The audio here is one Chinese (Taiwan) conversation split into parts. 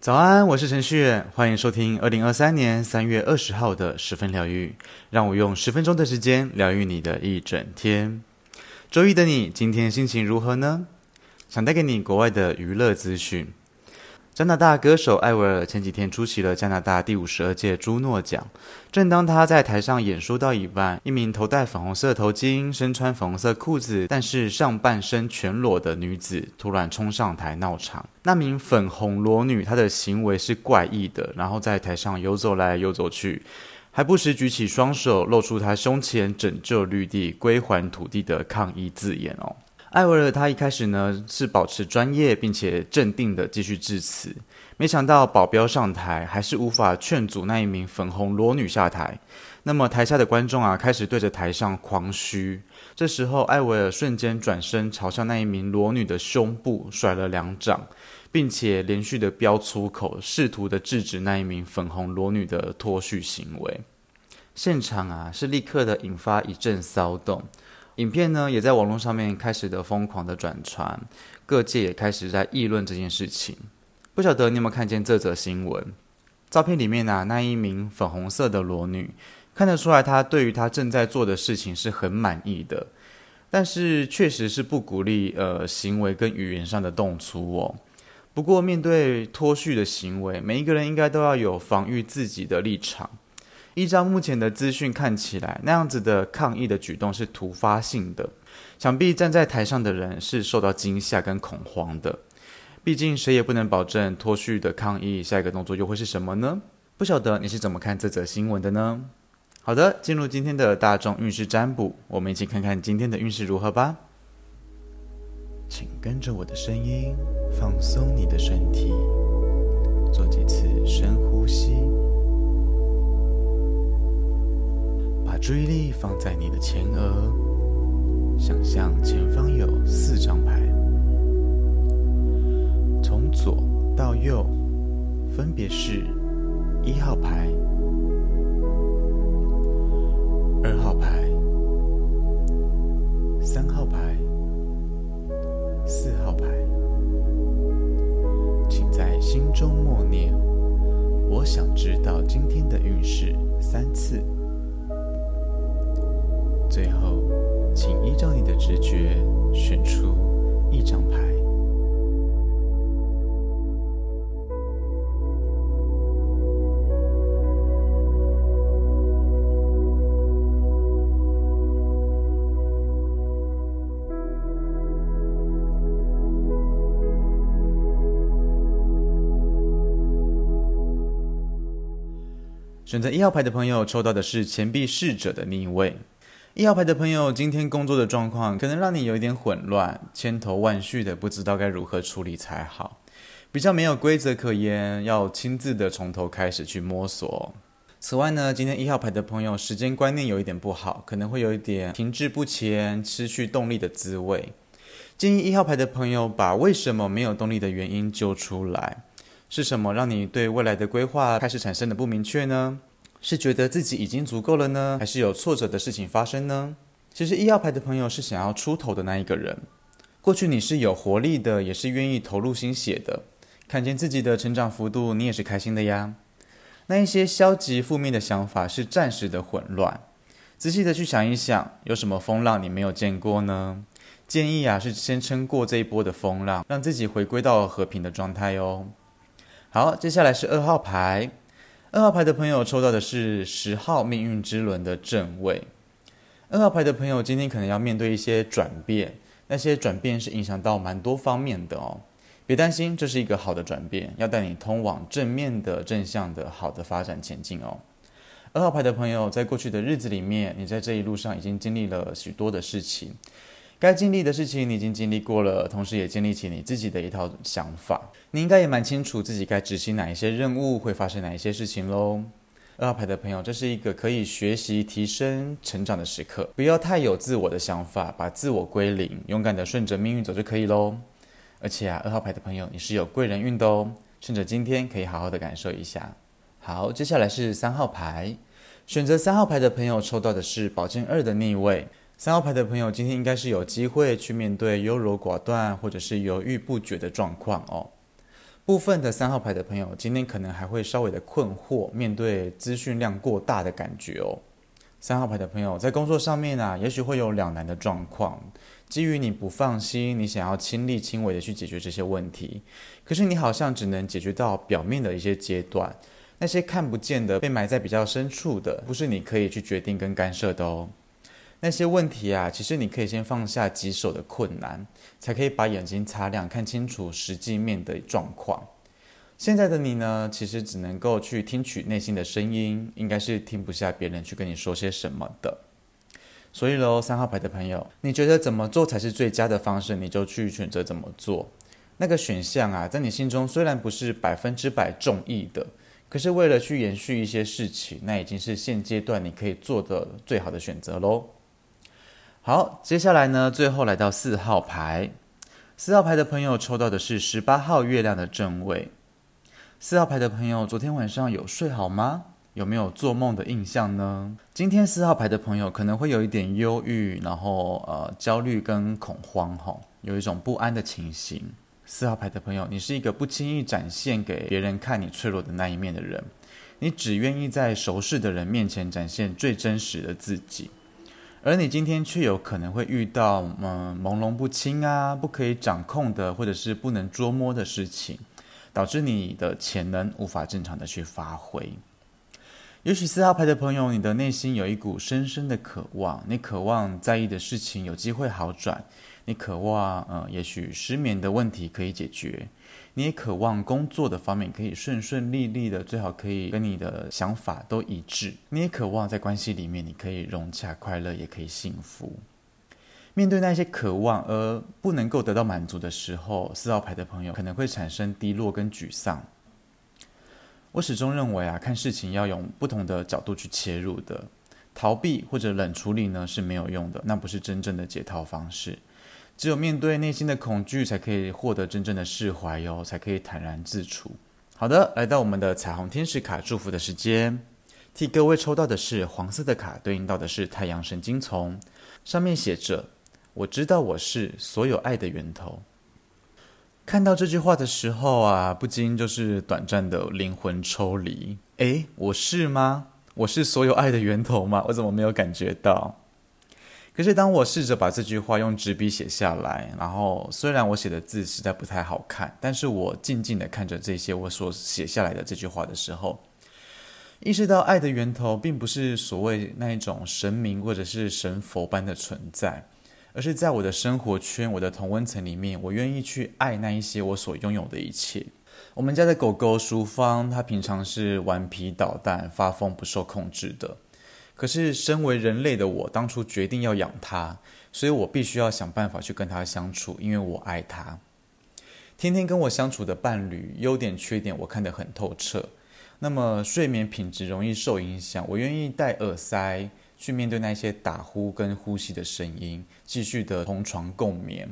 早安，我是陳旭，歡迎收聽二零二三年三月二十號的十分療癒。讓我用十分鐘的時間療癒你的一整天。週一的你，今天心情如何呢？想帶給你國外的娛樂資訊。加拿大歌手艾維爾前幾天出席了加拿大第五十二屆朱諾獎。正當他在台上演說到一半，一名頭戴粉紅色頭巾、身穿粉紅色褲子，但是上半身全裸的女子突然衝上台鬧場。那名粉紅裸女，她的行為是怪異的，然後在台上游走來遊走去，還不時舉起雙手，露出她胸前“拯救綠地、歸還土地”的抗議字眼哦。艾維爾他一開始呢是保持專業並且鎮定的繼續致辭，沒想到保鏢上台還是無法勸阻那一名粉紅裸女下台。那麼台下的觀眾啊開始對着台上狂噓。這時候艾維爾瞬間轉身朝向那一名裸女的胸部，甩了兩掌，並且連續的飆粗口，試圖的制止那一名粉紅裸女的脫序行為。現場啊是立刻的引發一陣騷動。影片呢，也在網絡上面開始的瘋狂的轉傳，各界也開始在議論這件事情。不曉得你有沒有看見這則新聞？照片裡面呢啊，那一名粉紅色的裸女，看得出來她對於她正在做的事情是很滿意的，但是確實是不鼓勵呃行為跟語言上的動粗哦。不過面對脫序的行為，每一個人應該都要有防禦自己的立場。依照目前的資訊看起來，那樣子的抗議的舉動是突發性的，想必站在台上的人是受到驚嚇跟恐慌的。畢竟誰也不能保證脫序的抗議下一個動作又會是什麼呢？不曉得你是怎麼看這則新聞的呢？好的，進入今天的大眾運勢占卜，我們一起看看今天的運勢如何吧。請跟着我的聲音，放鬆你的身體，做幾次深呼吸。注意力放在你的前額，想象前方有四張牌，從左到右，分別是一號牌。最後，請依照你的直覺選出一張牌。選擇一號牌的朋友，抽到的是錢幣侍者的逆位。一號牌的朋友，今天工作的狀況可能讓你有一點混亂，千頭萬緒的，不知道該如何處理才好，比較沒有規則可言，要親自的從頭開始去摸索。此外呢，今天一號牌的朋友時間觀念有一點不好，可能會有一點停滯不前、失去動力的滋味。建議一號牌的朋友把為什麼沒有動力的原因揪出來，是什麼讓你對未來的規劃開始產生的不明確呢？是覺得自己已經足夠了呢，還是有挫折的事情發生呢？其實一號牌的朋友是想要出頭的那一個人。過去你是有活力的，也是願意投入心血的，看見自己的成長幅度，你也是開心的呀。那一些消極負面的想法是暫時的混亂，仔細的去想一想，有什麼風浪你沒有見過呢？建議啊，是先撐過這一波的風浪，讓自己回歸到和平的狀態哦。好，接下來是二號牌。二號牌的朋友抽到的是十號命運之輪的正位。二號牌的朋友今天可能要面對一些轉變，那些轉變是影響到蠻多方面的哦。別擔心，這是一個好的轉變，要帶你通往正面的正向的好的發展前進哦。二號牌的朋友，在過去的日子裡面，你在這一路上已經經歷了許多的事情。該經歷的事情你已經經歷過了，同時也建立起你自己的一套想法。你應該也蠻清楚自己該執行哪一些任務，會發生哪一些事情嘍。二號牌的朋友，這是一個可以學習、提升、成長的時刻，不要太有自我的想法，把自我歸零，勇敢地順着命運走就可以嘍。而且啊，二號牌的朋友你是有貴人運的哦，趁着今天可以好好的感受一下。好，接下來是三號牌，選擇三號牌的朋友抽到的是寶劍二的逆位。三號牌的朋友，今天應該是有機會去面對優柔寡斷或者是猶豫不決的狀況哦。部分的三號牌的朋友，今天可能還會稍微的困惑，面對資訊量過大的感覺哦。三號牌的朋友在工作上面呢、啊，也許會有兩難的狀況，基於你不放心，你想要親力親為的去解決這些問題，可是你好像只能解決到表面的一些階段，那些看不見的被埋在比較深處的，不是你可以去決定跟干涉的哦。那些問題啊，其實你可以先放下棘手的困難，才可以把眼睛擦亮，看清楚實際面的狀況。現在的你呢，其實只能夠去聽取內心的聲音，應該是聽不下別人去跟你說些什麼的。所以嘍，三號牌的朋友，你覺得怎麼做才是最佳的方式，你就去選擇怎麼做。那個選項啊，在你心中雖然不是百分之百中意的，可是為了去延續一些事情，那已經是現階段你可以做的最好的選擇嘍。好，接下來呢，最後來到四號牌，四號牌的朋友抽到的是十八號月亮的正位。四號牌的朋友，昨天晚上有睡好嗎？有沒有做夢的印象呢？今天四號牌的朋友可能會有一點憂鬱，然後呃焦慮跟恐慌，吼，有一種不安的情形。四號牌的朋友，你是一個不輕易展現給別人看你脆弱的那一面的人，你只願意在熟識的人面前展現最真實的自己。而你今天卻有可能會遇到，嗯、呃，朦朧不清啊，不可以掌控的，或者是不能捉摸的事情，導致你的潛能無法正常的去發揮。也許四號牌的朋友，你的內心有一股深深的渴望，你渴望在意的事情有機會好轉。你渴望，呃、嗯，也許失眠的問題可以解決；你也渴望工作的方面可以順順利利的，最好可以跟你的想法都一致。你也渴望在關係裡面，你可以融洽、快樂，也可以幸福。面對那些渴望而不能夠得到滿足的時候，四號牌的朋友可能會產生低落跟沮喪。我始終認為啊，看事情要用不同的角度去切入的，逃避或者冷處理呢是沒有用的，那不是真正的解套方式。只有面對內心的恐懼，才可以獲得真正的釋懷喲、哦，才可以坦然自處。好的，來到我們的彩虹天使卡祝福的時間，替各位抽到的是黃色的卡，對應到的是太陽神經叢，上面寫着：“我知道我是所有愛的源頭。”看到這句話的時候啊，不禁就是短暫的靈魂抽離。誒，我是嗎？我是所有愛的源頭嗎？我怎麼沒有感覺到？可是，當我試着把這句話用紙筆寫下來，然後雖然我寫的字實在不太好看，但是我靜靜的看着這些我所寫下來的這句話的時候，意識到愛的源頭並不是所謂那一種神明或者是神佛般的存在，而是在我的生活圈、我的同溫層裡面，我願意去愛那一些我所擁有的一切。我們家的狗狗淑芳，它平常是頑皮搗蛋、發瘋不受控制的。可是，身為人類的我，當初決定要養它，所以我必須要想辦法去跟它相處，因為我愛它。天天跟我相處的伴侶，優點缺點我看得很透徹。那麼睡眠品質容易受影響，我願意戴耳塞去面對那些打呼跟呼吸的聲音，繼續的同床共眠。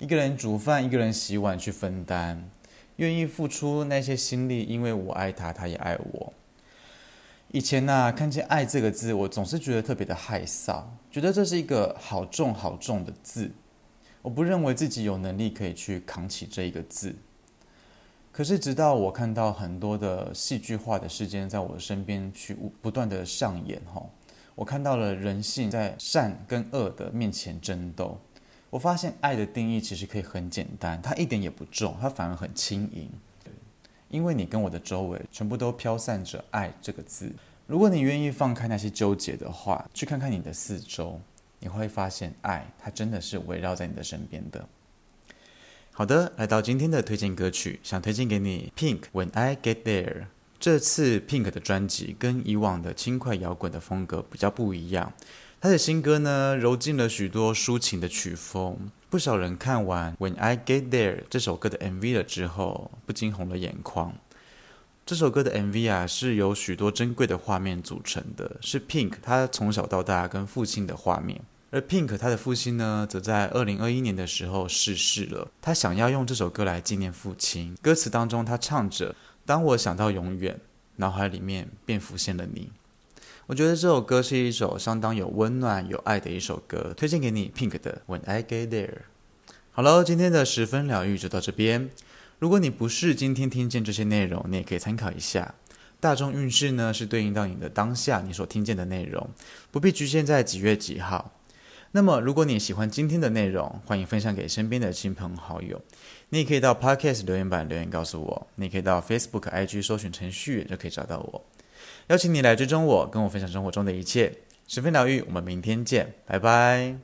一個人煮飯，一個人洗碗去分擔，願意付出那些心力，因為我愛他，他也愛我。以前吶、啊，看見“愛”這個字，我總是覺得特別的害臊，覺得這是一個好重好重的字，我不認為自己有能力可以去扛起這一個字。可是，直到我看到很多的戲劇化的事件在我身邊去不斷的上演吼，我看到了人性在善跟惡的面前爭鬥，我發現愛的定義其實可以很簡單，它一點也不重，它反而很輕盈。因為你跟我的周圍全部都飄散着“愛”這個字。如果你願意放開那些糾結的話，去看看你的四周，你會發現愛，愛它真的是圍繞在你的身邊的。好的，來到今天的推薦歌曲，想推薦給你 Pink, When I Get There。這次 Pink 的專輯跟以往的輕快搖滾的風格比較不一樣。他的新歌呢，揉進了許多抒情的曲風，不少人看完《When I Get There》這首歌的 MV 了之後，不禁紅了眼眶。這首歌的 MV 啊，是由許多珍貴的畫面組成的，是 Pink 他從小到大跟父親的畫面。而 Pink 他的父親呢，則在二零二一年的時候逝世了。他想要用這首歌來紀念父親。歌詞當中，他唱着：“當我想到永遠，腦海裡面便浮現了你。”我覺得這首歌是一首相當有溫暖、有愛的一首歌，推薦給你。Pink 的《When I Get There》。好了，今天的十分療癒就到這邊。如果你不是今天聽見這些內容，你也可以參考一下。大眾運勢呢，是對應到你的當下，你所聽見的內容，不必局限在幾月幾號。那麼，如果你喜歡今天的內容，歡迎分享給身邊的親朋好友。你也可以到 Podcast 留言板留言告訴我。你可以到 Facebook、IG 搜尋程序也就可以找到我。邀請你來追蹤我，跟我分享生活中的一切。十分療癒，我們明天見，拜拜。